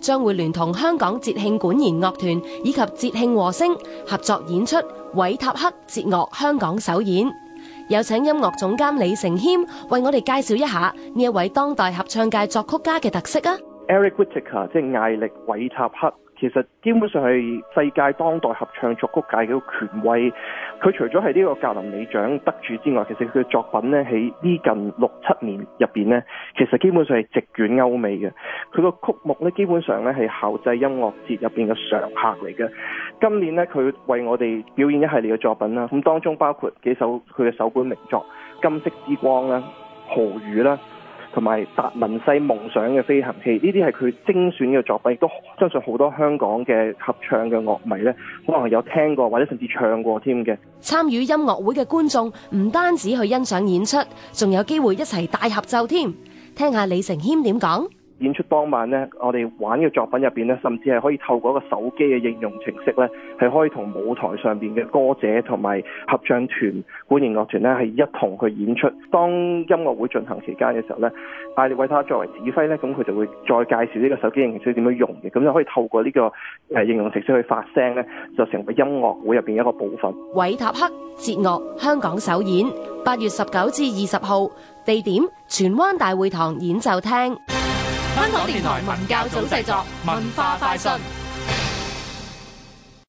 將會聯同香港節慶管弦樂團以及節慶和聲合作演出《韋塔克節樂》香港首演，有請音樂總監李成謙為我哋介紹一下呢一位當代合唱界作曲家嘅特色啊！Eric Whitaker 即係艾力·韋塔克，其實基本上係世界當代合唱作曲界嘅權威。佢除咗係呢個格林美獎得主之外，其實佢嘅作品咧喺呢近六七年入邊咧，其實基本上係席捲歐美嘅。佢個曲目咧基本上咧係校際音樂節入邊嘅常客嚟嘅。今年咧佢為我哋表演一系列嘅作品啦，咁當中包括幾首佢嘅首本名作《金色之光》啦，《河語》啦。同埋達文西夢想嘅飛行器，呢啲係佢精選嘅作品，亦都相信好多香港嘅合唱嘅樂迷咧，可能有聽過或者甚至唱過添嘅。參與音樂會嘅觀眾唔單止去欣賞演出，仲有機會一齊大合奏添，聽下李承謙點講。演出當晚呢，我哋玩嘅作品入邊呢，甚至係可以透過一個手機嘅應用程式呢，係可以同舞台上邊嘅歌者同埋合唱團、管弦樂團呢，係一同去演出。當音樂會進行期間嘅時候呢，艾列維塔作為指揮呢，咁佢就會再介紹呢個手機應用程式點樣用嘅，咁就可以透過呢個誒應用程式去發聲呢，就成為音樂會入邊一個部分。維塔克節樂香港首演，八月十九至二十號，地點荃灣大會堂演奏廳。香港電台文教組製作《文化快訊》。